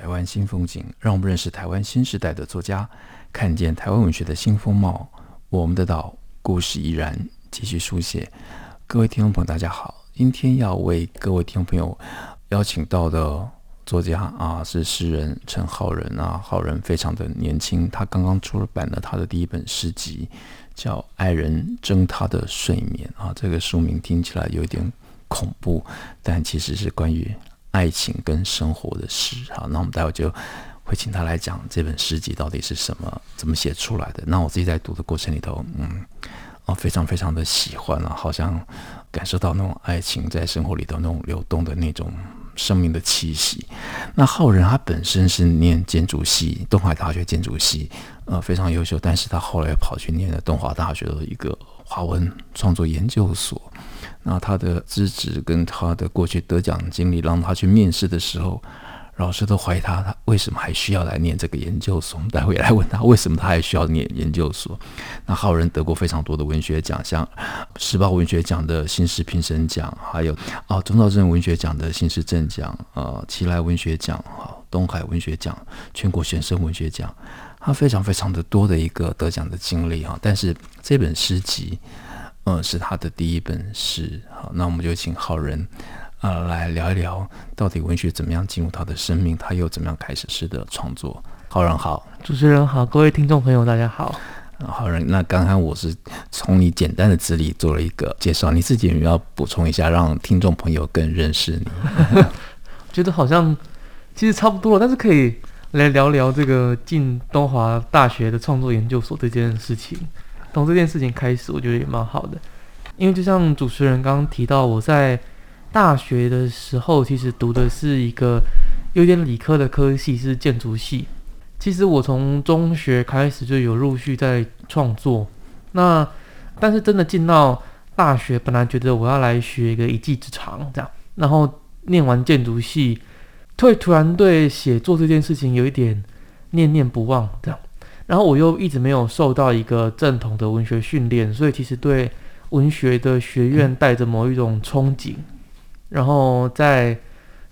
台灣新風景，讓我們認識台灣新時代的作家，看見台灣文學的新風貌。我們的島故事依然繼續書寫。各位聽眾朋友，大家好，今天要為各位聽眾朋友邀請到的作家啊，是詩人陳顥仁啊，顥仁非常的年輕，他剛剛出了版了他的第一本詩集，叫《愛人爭他的睡眠》啊，這個書名聽起來有點恐怖，但其實是關於。愛情跟生活的詩，好，那我們待會就會請他來講這本詩集到底是什麼，怎麼寫出來的。那我自己在讀的過程裡頭，嗯，啊，非常非常的喜歡啊，好像感受到那種愛情在生活裡頭那種流動的那種生命的氣息。那顥仁他本身是念建築系，東海大學建築系，呃，非常優秀，但是他後來跑去念了東華大學的一個華文創作研究所。那他的資質跟他的過去得獎經歷，讓他去面試的時候，老師都懷疑他，他為什麼還需要來念這個研究所？我們待會也來問他，為什麼他還需要念研究所？那顥仁得過非常多的文學獎，像時報文學獎的新詩評審獎，還有啊鍾肇政文學獎的新詩正獎，呃奇萊文學獎哈東海文學獎、全國學生文學獎，他非常非常的多的一個得獎的經歷哈。但是這本詩集。是他的第一本詩。好，那我們就請顥仁啊、呃、來聊一聊，到底文學怎麼樣進入他的生命，他又怎麼樣開始詩的創作。顥仁好，主持人好，各位聽眾朋友大家好。顥仁，那剛剛我是從你簡單的資歷做了一個介紹，你自己也要補充一下，讓聽眾朋友更認識你。 覺得好像其實差不多了，但是可以來聊聊這個進東華大學的創作研究所這件事情。從這件事情開始，我覺得也蠻好的，因為就像主持人剛剛提到，我在大學的時候其實讀的是一個有點理科的科系，是建築系。其實我從中學開始就有陸續在創作，那但是真的進到大學，本來覺得我要來學一個一技之長這樣，然後念完建築系，突突然對寫作這件事情有一點念念不忘這樣。然後我又一直沒有受到一個正統的文學訓練，所以其實對文學的學院帶着某一種憧憬。嗯、然後在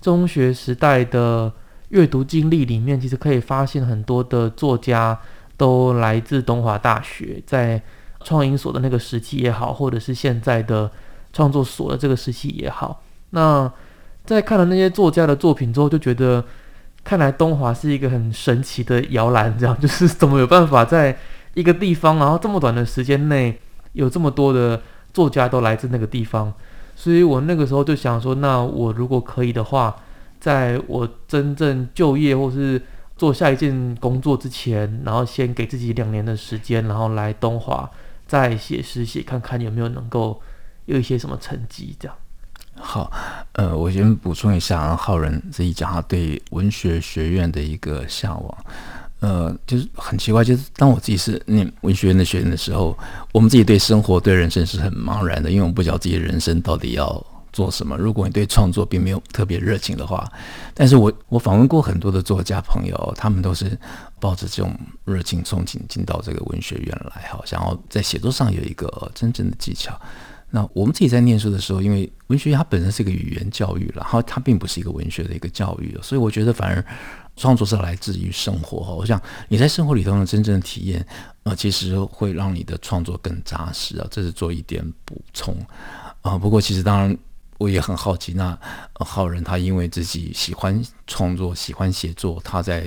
中學時代的閱讀經歷裡面，其實可以發現很多的作家都來自東華大學，在創英所的那個時期也好，或者是現在的創作所的這個時期也好。那在看了那些作家的作品之後，就覺得。看來東華是一個很神奇的搖籃，這樣就是怎麼有辦法在一個地方，然後這麼短的時間內有這麼多的作家都來自那個地方。所以我那個時候就想說，那我如果可以的話，在我真正就業或是做下一件工作之前，然後先給自己兩年的時間，然後來東華再寫詩寫，看看有沒有能夠有一些什麼成績這樣。好，呃，我先補充一下，顥仁這一講他對文學學院的一個嚮往，呃，就是很奇怪，就是當我自己是念文學院的學生的時候，我們自己對生活、對人生是很茫然的，因為我不曉得自己人生到底要做什麼。如果你對創作並沒有特別熱情的話，但是我我訪問過很多的作家朋友，他們都是抱着這種熱情憧憬進到這個文學院來，好，想要在寫作上有一個真正的技巧。那我們自己在念書的時候，因為文學它本身是一個語言教育，然後它並不是一個文學的一個教育，所以我覺得反而創作是來自於生活哈。我想你在生活裡頭的真正的體驗，啊、呃，其實會讓你的創作更扎實啊。這是做一點補充啊、呃。不過其實當然我也很好奇，那顥仁他因為自己喜歡創作、喜歡寫作，他在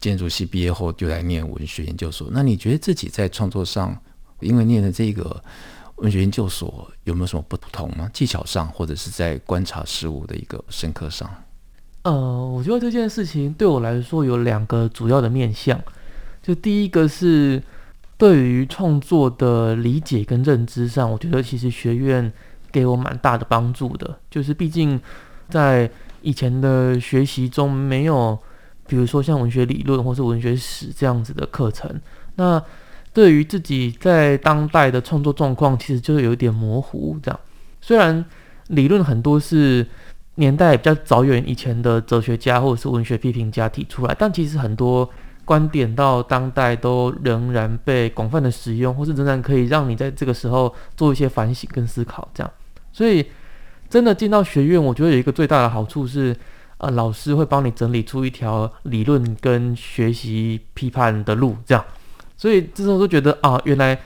建築系畢業後就來念文學研究所。那你覺得自己在創作上，因為念的這個。文學研究所有沒有什麼不同嗎？技巧上，或者是在觀察事物的一個深刻上？呃，我覺得這件事情對我來說有兩個主要的面向。就第一個是對於創作的理解跟認知上，我覺得其實學院給我蠻大的幫助的。就是畢竟在以前的學習中沒有，比如說像文學理論或是文學史這樣子的課程，那。對於自己在當代的創作狀況，其實就是有一點模糊。這樣，雖然理論很多是年代比較早遠以前的哲學家或者是文學批評家提出來，但其實很多觀點到當代都仍然被廣泛的使用，或是仍然可以讓你在這個時候做一些反省跟思考。這樣，所以真的進到學院，我覺得有一個最大的好處是，呃，老師會幫你整理出一條理論跟學習批判的路，這樣。所以這時候都覺得啊，原來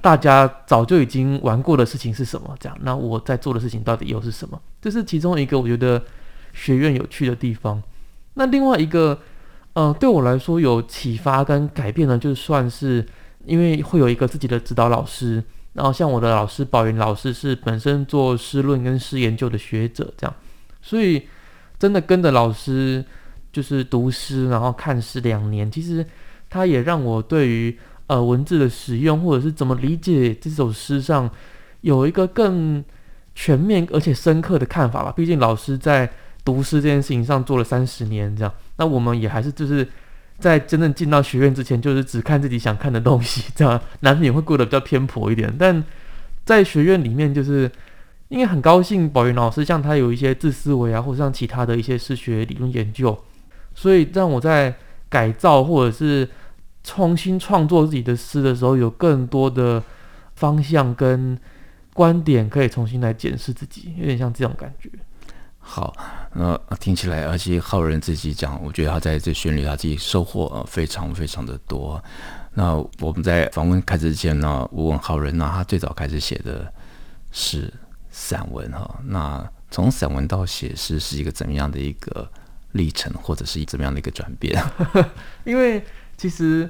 大家早就已經玩過的事情是什麼？這樣，那我在做的事情到底又是什麼？這是其中一個我覺得學院有趣的地方。那另外一個，呃，對我來說有啟發跟改變呢，就算是因為會有一個自己的指導老師，然後像我的老師寶雲老師是本身做詩論跟詩研究的學者，這樣，所以真的跟着老師就是讀詩，然後看詩兩年，其實。他也讓我對於呃文字的使用，或者是怎麼理解這首詩上，有一個更全面而且深刻的看法吧。畢竟老師在讀詩這件事情上做了三十年，這樣。那我們也還是就是在真正進到學院之前，就是只看自己想看的東西，這樣難免會過得比較偏頗一點。但在學院裡面，就是因為很高興寶雲老師像他有一些字思維啊，或者像其他的一些詩學理論研究，所以讓我在改造或者是重新創作自己的詩的時候，有更多的方向跟觀點可以重新來檢視自己，有點像這種感覺。好，那聽起來，而且顥仁自己講，我覺得他在這旋律，他自己收穫、呃、非常非常的多。那我們在訪問開始之前呢，我問顥仁那、啊、他最早開始寫的是散文哈。那從散文到寫詩是，是一個怎麼樣的一個歷程，或者是一個怎麼樣的一個轉變？ 因為。其實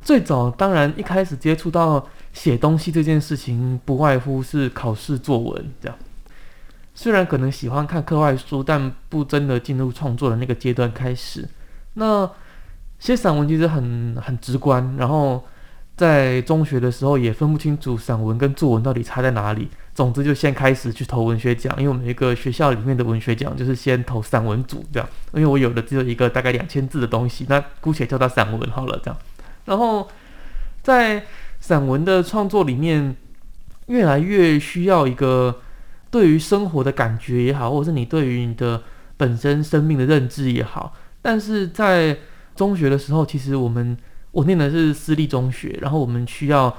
最早，當然一開始接觸到寫東西這件事情，不外乎是考試作文這樣。雖然可能喜歡看課外書，但不真的進入創作的那個階段開始。那寫散文其實很很直觀，然後。在中學的時候也分不清楚散文跟作文到底差在哪裡。總之就先開始去投文學獎，因為我們一個學校裡面的文學獎就是先投散文組這樣。因為我有的只有一個大概兩千字的東西，那姑且叫它散文好了這樣。然後在散文的創作裡面，越來越需要一個對於生活的感覺也好，或者是你對於你的本身生命的認知也好。但是在中學的時候，其實我們。我念的是私立中學，然後我們需要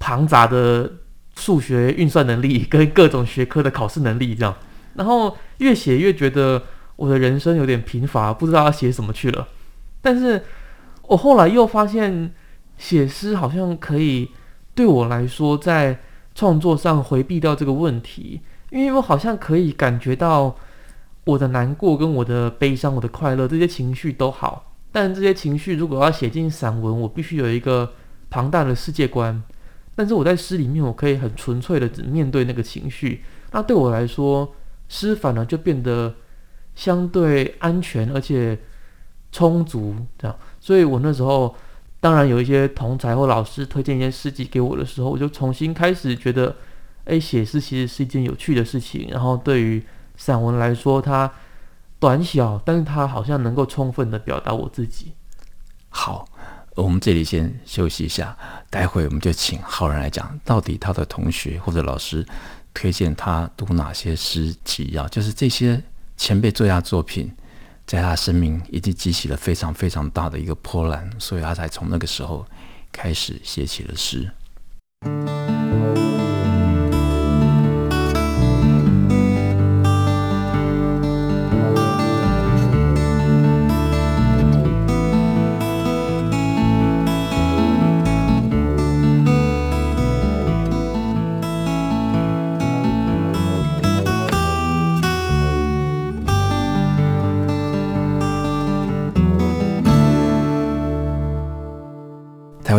龐雜的數學運算能力跟各種學科的考試能力，這樣。然後越寫越覺得我的人生有點貧乏，不知道要寫什麼去了。但是，我後來又發現寫詩好像可以對我來說，在創作上回避掉這個問題，因為我好像可以感覺到我的難過、跟我的悲傷、我的快樂這些情緒都好。但這些情緒如果要寫進散文，我必須有一個龐大的世界觀。但是我在詩裡面，我可以很純粹地只面對那個情緒。那對我來說，詩反而就變得相對安全，而且充足這樣。所以我那時候，當然有一些同儕或老師推薦一些詩集給我的時候，我就重新開始覺得，誒、欸，寫詩其實是一件有趣的事情。然後對於散文來說，它。短小，但是他好像能夠充分地表達我自己。好，我們這裡先休息一下，待會我們就請顥仁來講，到底他的同學或者老師推薦他讀哪些詩集啊？就是這些前輩作家作品，在他生命已經激起了非常非常大的一個波瀾，所以他才從那個時候開始寫起了詩。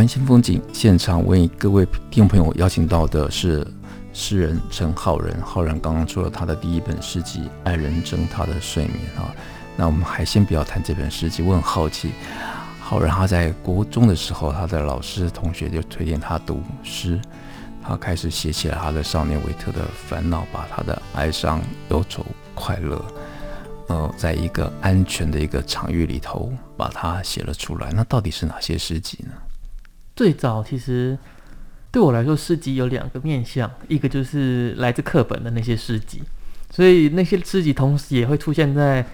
新風景現場為各位聽眾朋友邀請到的是詩人陳顥仁，顥仁剛剛出了他的第一本詩集《愛人蒸他的睡眠》啊。那我們還先不要談這本詩集，我很好奇，顥仁他在國中的時候，他的老師同學就推薦他讀詩，他開始寫起了他的《少年維特的煩惱》，把他的哀傷、憂愁、快樂，呃，在一個安全的一個場域裡頭把它寫了出來。那到底是哪些詩集呢？最早其實，對我來說，詩集有兩個面向，一個就是來自課本的那些詩集，所以那些詩集同時也會出現在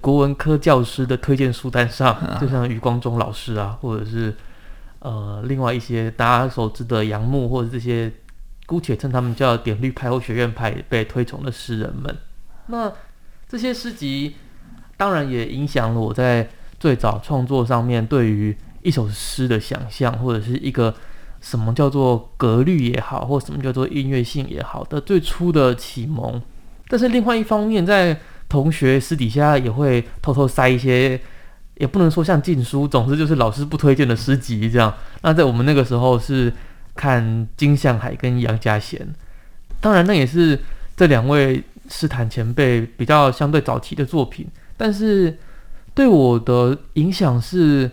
國文科教師的推薦書單上，就像余光中老師啊，或者是呃，另外一些大家所知的楊牧或者這些，姑且稱他們叫“典律派”或“學院派”被推崇的詩人們。那這些詩集當然也影響了我在最早創作上面對於。一首詩的想象，或者是一個什麼叫做格律也好，或什麼叫做音樂性也好的最初的啟蒙。但是，另外一方面，在同學私底下也會偷偷塞一些，也不能說像禁書，總之就是老師不推薦的詩集這樣。那在我們那個時候是看鯨向海跟楊佳嫻，當然那也是這兩位詩壇前輩比較相對早期的作品，但是對我的影響是。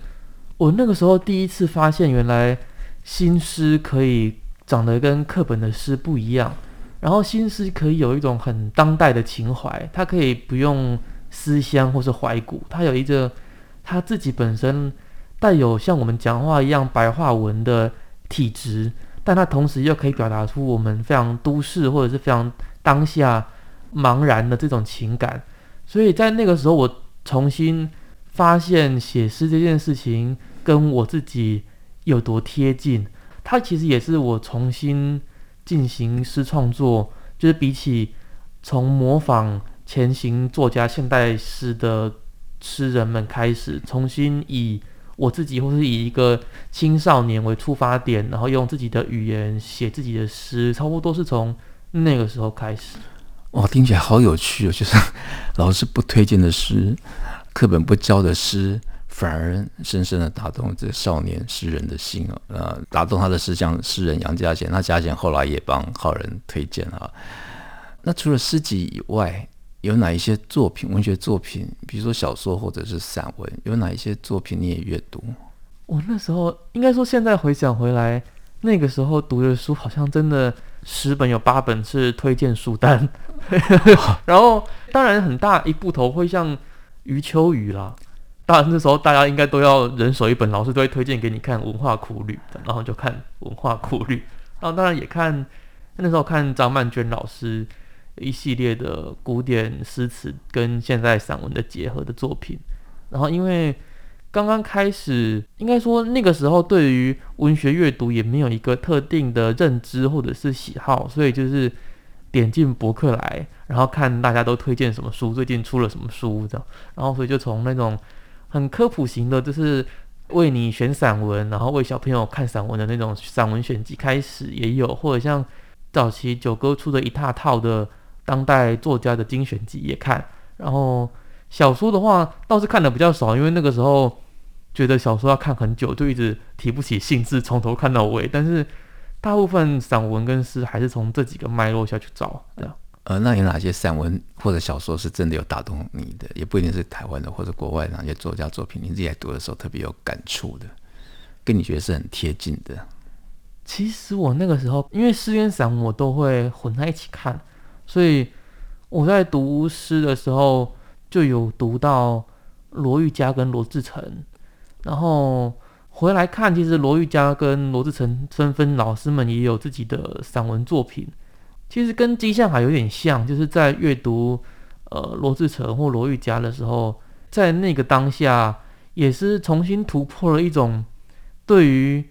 我那個時候第一次發現，原來新詩可以長得跟課本的詩不一樣，然後新詩可以有一種很當代的情懷，它可以不用思鄉或是懷古，它有一個它自己本身帶有像我們講話一樣白話文的體質，但它同時又可以表達出我們非常都市或者是非常當下茫然的這種情感，所以在那個時候我重新。發現寫詩這件事情跟我自己有多貼近，它其實也是我重新進行詩創作，就是比起從模仿前行作家、現代詩的詩人們開始，重新以我自己或是以一個青少年為出發點，然後用自己的語言寫自己的詩，差不多是從那個時候開始。哇，聽起來好有趣哦，就是老師不推薦的詩。課本不教的詩，反而深深的打動了這少年詩人的心啊！啊，打動他的詩像詩人楊佳賢，那佳賢後來也幫好人推薦啊。那除了詩集以外，有哪一些作品？文學作品，比如說小說或者是散文，有哪一些作品你也閱讀？我那時候應該說，現在回想回來，那個時候讀的書好像真的十本有八本是推薦書單， 然後當然很大一部頭會像。余秋雨啦、啊，當然那時候大家應該都要人手一本，老師都會推薦給你看《文化苦旅》，然後就看《文化苦旅》，然後當然也看那時候看張曼娟老師一系列的古典詩詞跟現在散文的結合的作品，然後因為剛剛開始，應該說那個時候對於文學閱讀也沒有一個特定的認知或者是喜好，所以就是。點進博客來，然後看大家都推薦什麼書，最近出了什麼書這樣。然後所以就從那種很科普型的，就是為你選散文，然後為小朋友看散文的那種散文選集開始也有，或者像早期九歌出的一大套的當代作家的精選集也看，然後小說的話倒是看得比較少，因為那個時候覺得小說要看很久，就一直提不起興致，從頭看到尾，但是。大部分散文跟詩還是從這幾個脈絡下去找的。對呃，那有哪些散文或者小說是真的有打動你的？也不一定是台灣的或者國外哪些作家作品，你自己在讀的時候特別有感觸的，跟你覺得是很貼近的。其實我那個時候，因為詩跟散文我都會混在一起看，所以我在讀詩的時候就有讀到羅毓嘉跟羅智成，然後。回來看，其實羅毓嘉跟羅智成、紛紛老師們也有自己的散文作品，其實跟金相海有點像，就是在閱讀呃羅智成或羅毓嘉的時候，在那個當下也是重新突破了一種對於《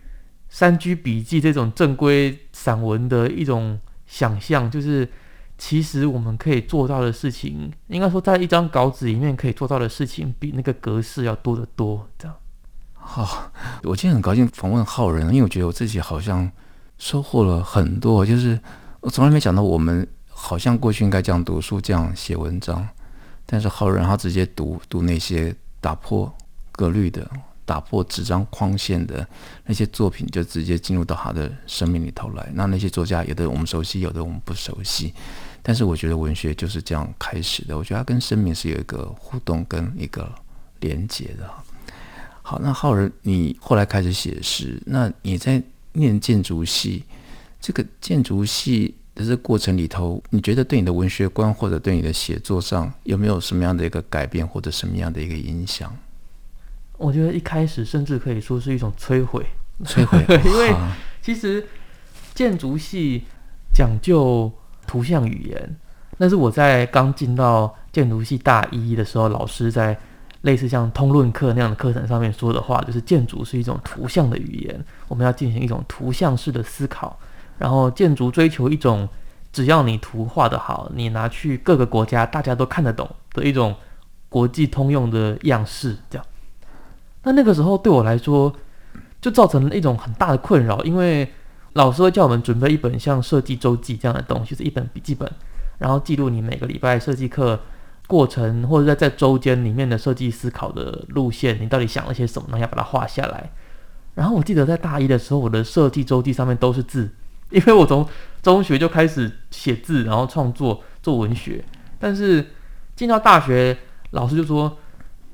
山居筆記》這種正規散文的一種想象，就是其實我們可以做到的事情，應該說在一張稿紙裡面可以做到的事情，比那個格式要多得多，這樣。好、哦，我今天很高興訪問顥仁，因為我覺得我自己好像收穫了很多，就是我從來沒想到，我們好像過去應該這樣讀書、這樣寫文章，但是顥仁他直接讀讀那些打破格律的、打破紙張框線的那些作品，就直接進入到他的生命裡頭來。那那些作家，有的我們熟悉，有的我們不熟悉，但是我覺得文學就是這樣開始的。我覺得它跟生命是有一個互動跟一個連接的。好，那顥仁，你後來開始寫詩。那你在念建築系這個建築系的這個過程裡頭，你覺得對你的文學觀或者對你的寫作上有沒有什麼樣的一個改變，或者什麼樣的一個影響？我覺得一開始甚至可以說是一種摧毀，摧毀毀。 因為其實建築系講究圖像語言，但是我在剛進到建築系大一的時候，老師在。類似像通論課那樣的課程上面說的話，就是建築是一種圖像的語言，我們要進行一種圖像式的思考，然後建築追求一種只要你圖畫得好，你拿去各個國家大家都看得懂的一種國際通用的樣式。這樣，那那個時候對我來說就造成了一種很大的困擾，因為老師會叫我們準備一本像設計週記這樣的東西，就是一本筆記本，然後記錄你每個禮拜設計課。過程或者在在週間裡面的設計思考的路線，你到底想了些什麼？你要把它畫下來。然後我記得在大一的時候，我的設計週記上面都是字，因為我從中學就開始寫字，然後創作做文學。但是進到大學，老師就說：“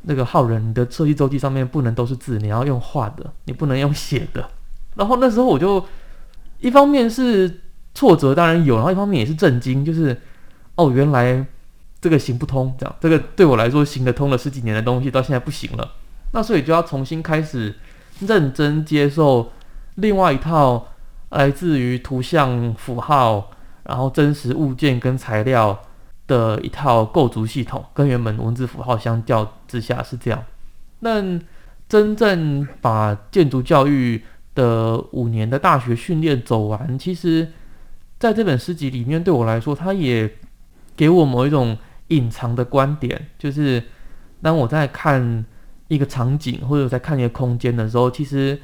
那個顥仁，你的設計週記上面不能都是字，你要用畫的，你不能用寫的。”然後那時候我就一方面是挫折，當然有，然後一方面也是震驚，就是哦、喔，原來。這個行不通，這樣。這個對我來說行得通了十幾年的東西，到現在不行了，那所以就要重新開始認真接受另外一套來自於圖像符號，然後真實物件跟材料的一套構築系統，跟原本文字符號相較之下是這樣。但真正把建築教育的五年的大學訓練走完，其實在這本詩集裡面，對我來說，它也給我某一種。隱藏的觀點就是，當我在看一個場景或者我在看一個空間的時候，其實，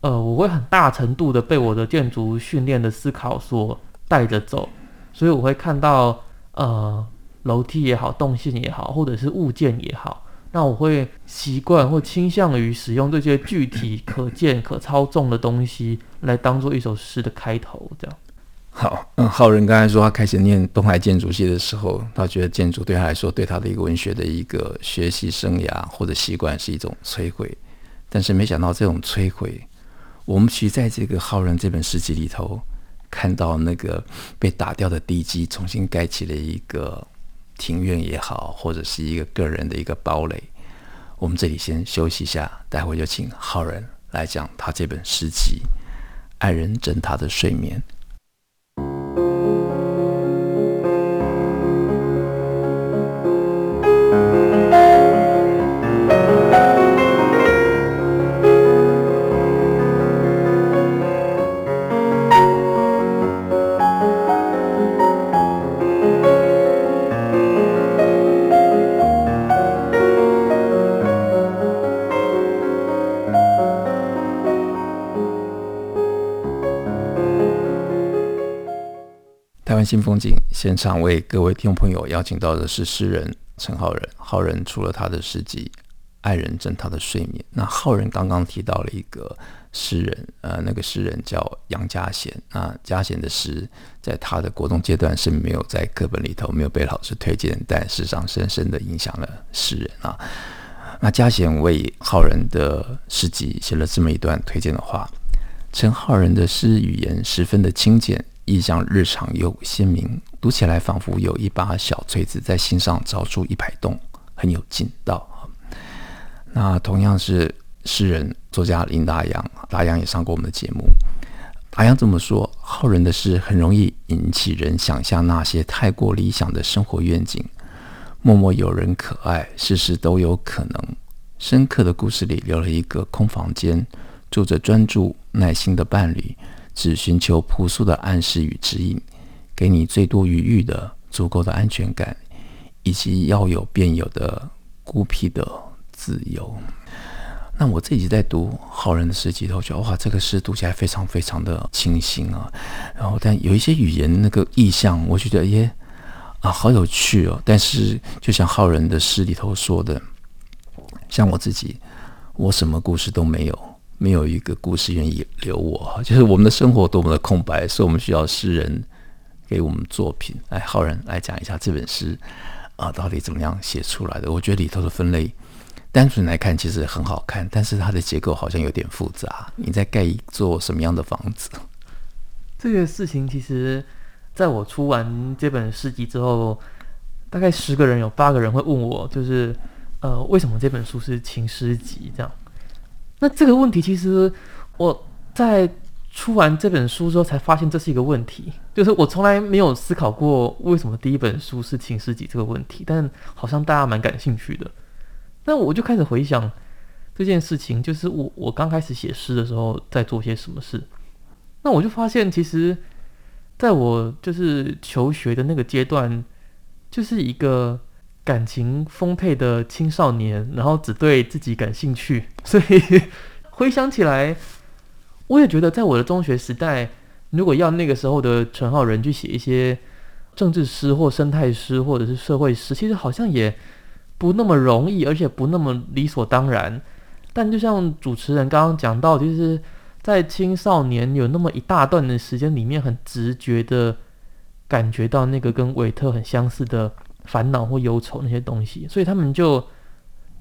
呃，我會很大程度的被我的建築訓練的思考所帶着走，所以我會看到，呃，樓梯也好，動線也好，或者是物件也好，那我會習慣或傾向於使用這些具體、可見、可操縱的東西來當做一首詩的開頭，這樣。好，嗯顥仁剛才說，他開始念東海建築系的時候，他覺得建築對他來說，對他的一個文學的一個學習生涯或者習慣是一種摧毀。但是沒想到這種摧毀，我們其實在這個顥仁這本詩集裡頭，看到那個被打掉的地基，重新蓋起了一個庭院也好，或者是一個個人的一個堡壘。我們這裡先休息一下，待會就請顥仁來講他這本詩集《愛人枕他的睡眠》。新風景現場為各位聽眾朋友邀請到的是詩人陳顥仁。顥仁除了他的詩集《愛人蒸他的睡眠》，那顥仁剛剛提到了一個詩人，呃，那個詩人叫楊佳嫻。啊，佳嫻的詩在他的國中階段是沒有在課本裡頭，沒有被老師推薦，但事實上深深的影響了詩人啊。那佳嫻為顥仁的詩集寫了這麼一段推薦的話：陳顥仁的詩語言十分的清簡。意象日常又鮮明，讀起來仿佛有一把小錘子在心上鑿出一排洞，很有勁道。那同樣是詩人作家林達陽，達陽也上過我們的節目。達陽這麼說，顥仁的詩很容易引起人想象那些太過理想的生活願景。默默有人可愛，事事都有可能。深刻的故事裡留了一個空房間，住着專注耐心的伴侶。只尋求樸素的暗示與指引，給你最多餘裕的，足夠的安全感，以及要有便有的孤僻的自由。那我自己在讀顥仁的詩集裡頭，我覺得哇，這個詩讀起來非常非常的清新啊。然後，但有一些語言那個意象，我覺得耶啊，好有趣哦。但是，就像顥仁的詩裡頭說的，像我自己，我什麼故事都沒有。沒有一個故事願意留我，就是我們的生活多麼的空白，所以我們需要詩人給我們作品。來，顥仁來講一下這本詩啊，到底怎麼樣寫出來的？我覺得裡頭的分類單純來看其實很好看，但是它的結構好像有點複雜。你在蓋一座什麼樣的房子？這個事情其實，在我出完這本詩集之後，大概十個人有八個人會問我，就是呃，為什麼這本書是情詩集？這樣。那這個問題，其實我在出完這本書之後才發現這是一個問題，就是我從來沒有思考過為什麼第一本書是情詩集這個問題，但好像大家蠻感興趣的。那我就開始回想這件事情，就是我我剛開始寫詩的時候在做些什麼事。那我就發現，其實在我就是求學的那個階段，就是一個。感情豐沛的青少年，然後只對自己感興趣，所以回想起來，我也覺得在我的中學時代，如果要那個時候的陳顥仁去寫一些政治詩或生態詩或者是社會詩，其實好像也不那麼容易，而且不那麼理所當然。但就像主持人剛剛講到，就是在青少年有那麼一大段的時間裡面，很直覺的感覺到那個跟維特很相似的。煩惱或憂愁那些東西，所以他們就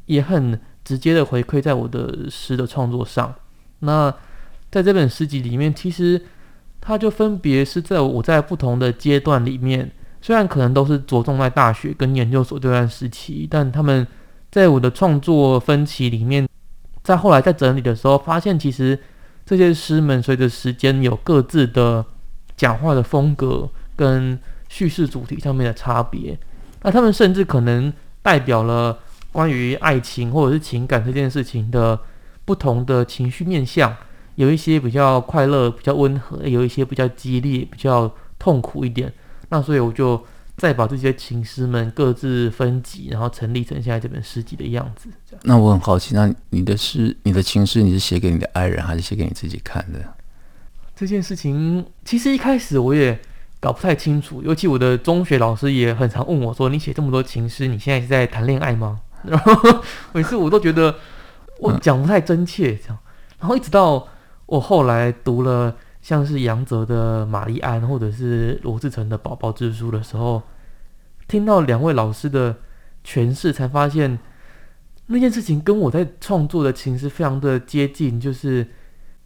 也很直接的回饋在我的詩的創作上。那在這本詩集裡面，其實它就分別是在我在不同的階段裡面，雖然可能都是着重在大學跟研究所這段時期，但他們在我的創作分歧裡面，在後來在整理的時候，發現其實這些詩們隨着時間有各自的講話的風格跟敘事主題上面的差別。那他們甚至可能代表了關於愛情或者是情感這件事情的不同的情緒面向，有一些比較快樂、比較溫和，有一些比較激烈、比較痛苦一點。那所以我就再把這些情詩們各自分級，然後成立成現在這本詩集的樣子這樣。那我很好奇，那你的詩，你的情詩，你是寫給你的愛人，還是寫給你自己看的？這件事情其實一開始我也。搞不太清楚，尤其我的中學老師也很常問我說：“你寫這麼多情詩，你現在是在談戀愛嗎？”然後每次我都覺得我講不太真切，這樣。嗯。然後一直到我後來讀了像是楊澤的《瑪麗安》或者是羅智成的《寶寶之書》的時候，聽到兩位老師的詮釋，才發現那件事情跟我在創作的情詩非常的接近，就是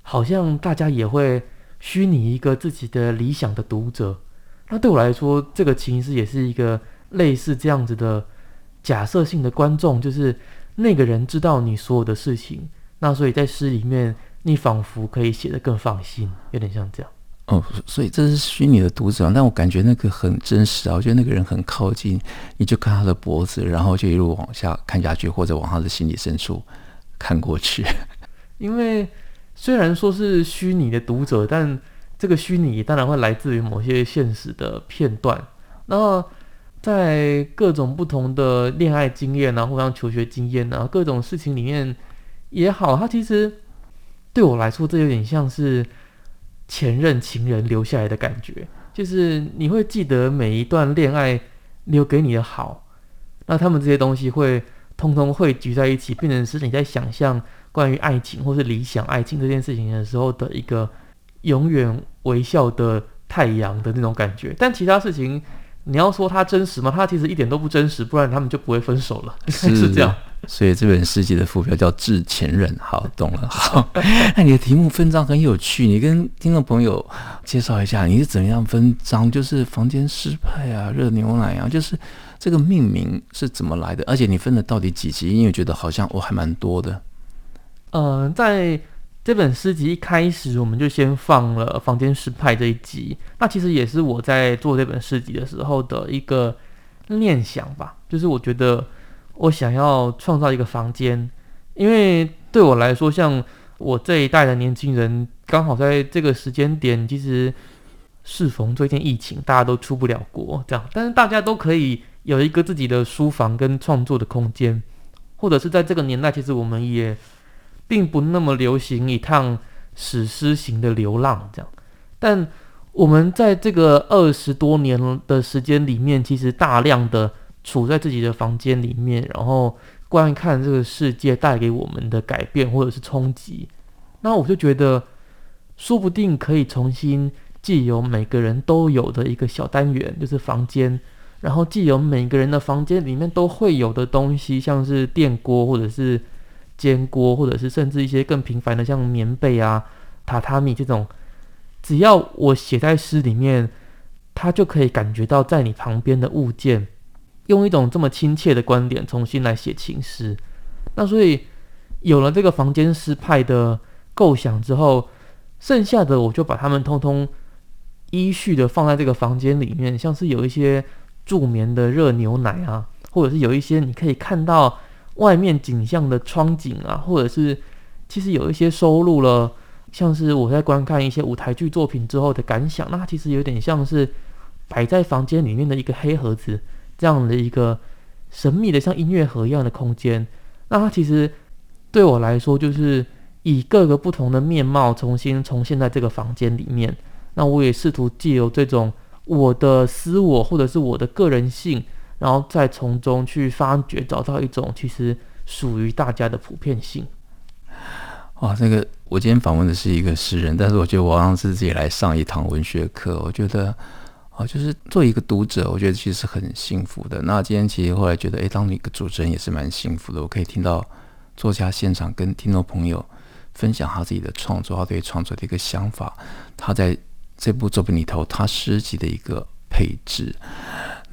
好像大家也會虛擬一個自己的理想的讀者。那對我來說，這個其實也是一個類似這樣子的假設性的觀眾，就是那個人知道你所有的事情，那所以在詩裡面，你仿佛可以寫得更放心，有點像這樣。哦，所以這是虛擬的讀者，但我感覺那個很真實啊，我覺得那個人很靠近，你就看他的脖子，然後就一路往下看下去，或者往他的心理深處看過去。 因為雖然說是虛擬的讀者，但。這個虛擬當然會來自於某些現實的片段，然後在各種不同的戀愛經驗啊，或者像求學經驗啊，各種事情裡面也好，它其實對我來說，這有點像是前任情人留下來的感覺，就是你會記得每一段戀愛留給你的好，那他們這些東西會通通匯聚在一起，變成是你在想象關於愛情或是理想愛情這件事情的時候的一個永遠微笑的太陽的那種感覺，但其他事情，你要說它真實嗎？它其實一點都不真實，不然他們就不會分手了。是這樣是，所以這本詩集的副標叫《致前任》。好，懂了。好， 那你的題目分章很有趣，你跟聽眾朋友介紹一下你是怎樣分章，就是房間失敗啊，熱牛奶啊，就是這個命名是怎麼來的？而且你分了到底幾集？因為覺得好像我還蠻多的。嗯、呃，在。這本詩集一開始，我們就先放了《房間詩派》這一集。那其實也是我在做這本詩集的時候的一個念想吧，就是我覺得我想要創造一個房間，因為對我來說，像我這一代的年輕人，剛好在這個時間點，其實適逢最近疫情，大家都出不了國，這樣，但是大家都可以有一個自己的書房跟創作的空間，或者是在這個年代，其實我們也。並不那麼流行一趟史詩型的流浪這樣，但我們在這個二十多年的時間裡面，其實大量的處在自己的房間裡面，然後觀看這個世界帶給我們的改變或者是衝擊。那我就覺得，說不定可以重新既有每個人都有的一個小單元，就是房間，然後既有每個人的房間裡面都會有的東西，像是電鍋或者是。煎鍋，或者是甚至一些更平凡的，像棉被啊、榻榻米這種，只要我寫在詩裡面，它就可以感覺到在你旁邊的物件，用一種這麼親切的觀點重新來寫情詩。那所以有了這個房間詩派的構想之後，剩下的我就把它們通通依序的放在這個房間裡面，像是有一些助眠的熱牛奶啊，或者是有一些你可以看到。外面景象的窗景啊，或者是其實有一些收錄了，像是我在觀看一些舞台劇作品之後的感想，那它其實有點像是擺在房間裡面的一個黑盒子這樣的一個神秘的像音樂盒一樣的空間，那它其實對我來說就是以各個不同的面貌重新重現在這個房間裡面，那我也試圖借由這種我的私我或者是我的個人性。然後再從中去發掘，找到一種其實屬於大家的普遍性。哇，那、這個我今天訪問的是一個詩人，但是我覺得我要讓自己來上一堂文學課，我覺得啊、哦，就是做一個讀者，我覺得其實很幸福的。那今天其實後來覺得，哎，當一個主持人也是蠻幸福的，我可以聽到作家現場跟聽眾朋友分享他自己的創作，他對創作的一個想法，他在這部作品裡頭他詩集的一個配置。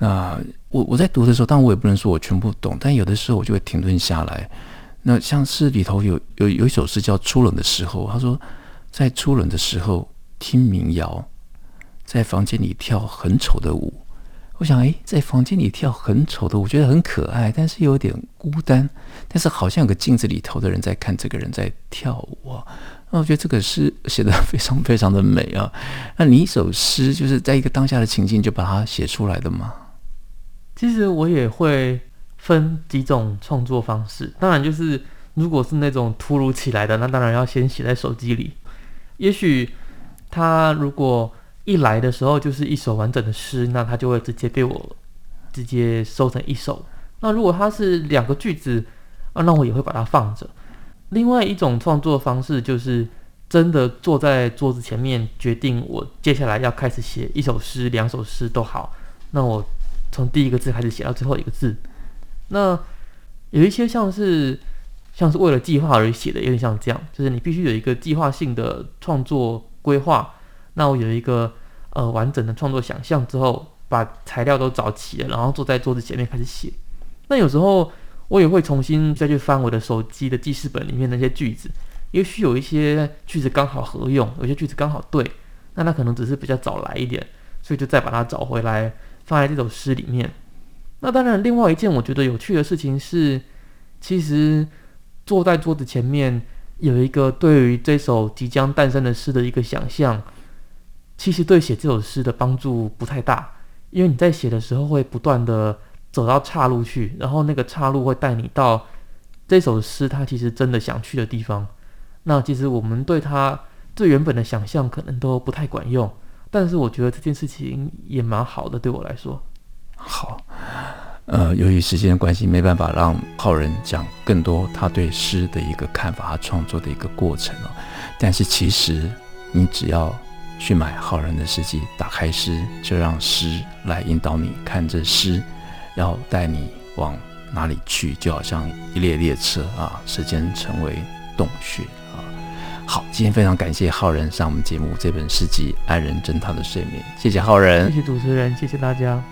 那我我在讀的時候，當然我也不能說我全部懂，但有的時候我就會停頓下來。那像詩裡頭有有有一首詩叫《初冷的時候》，他說在初冷的時候聽民謠，在房間裡跳很醜的舞。我想，哎，在房間裡跳很醜的舞，我覺得很可愛，但是又有點孤單。但是好像有個鏡子裡頭的人在看這個人在跳舞啊。那我覺得這個詩寫得非常非常的美啊。那你一首詩就是在一個當下的情境就把它寫出來的嗎？其實我也會分幾種創作方式，當然就是如果是那種突如其來的，那當然要先寫在手機裡。也許他如果一來的時候就是一首完整的詩，那他就會直接被我直接收成一首。那如果他是兩個句子啊，那我也會把它放着。另外一種創作方式就是真的坐在桌子前面，決定我接下來要開始寫一首詩，兩首詩都好，那我。從第一個字開始寫到最後一個字，那有一些像是像是為了計劃而寫的，有點像這樣，就是你必須有一個計劃性的創作規劃。那我有一個呃完整的創作想象之後，把材料都找齊了，然後坐在桌子前面開始寫。那有時候我也會重新再去翻我的手機的記事本裡面那些句子，也許有一些句子剛好合用，有些句子剛好對，那它可能只是比較早來一點，所以就再把它找回來，放在這首詩裡面。那當然，另外一件我覺得有趣的事情是，其實坐在桌子前面有一個對於這首即將誕生的詩的一個想象，其實對寫這首詩的幫助不太大，因為你在寫的時候會不斷的走到岔路去，然後那個岔路會帶你到這首詩它其實真的想去的地方。那其實我們對它最原本的想象可能都不太管用。但是我覺得這件事情也蠻好的，對我來說。好，呃，由於時間關係，沒辦法讓顥仁講更多他對詩的一個看法和創作的一個過程。但是其實你只要去買顥仁的詩集，打開詩，就讓詩來引導你看着詩，要帶你往哪裡去，就好像一列列車啊，時間成為洞穴。好，今天非常感謝顥仁上我們節目這本詩集《愛人珍藏的睡眠》，謝謝顥仁，謝謝主持人，謝謝大家。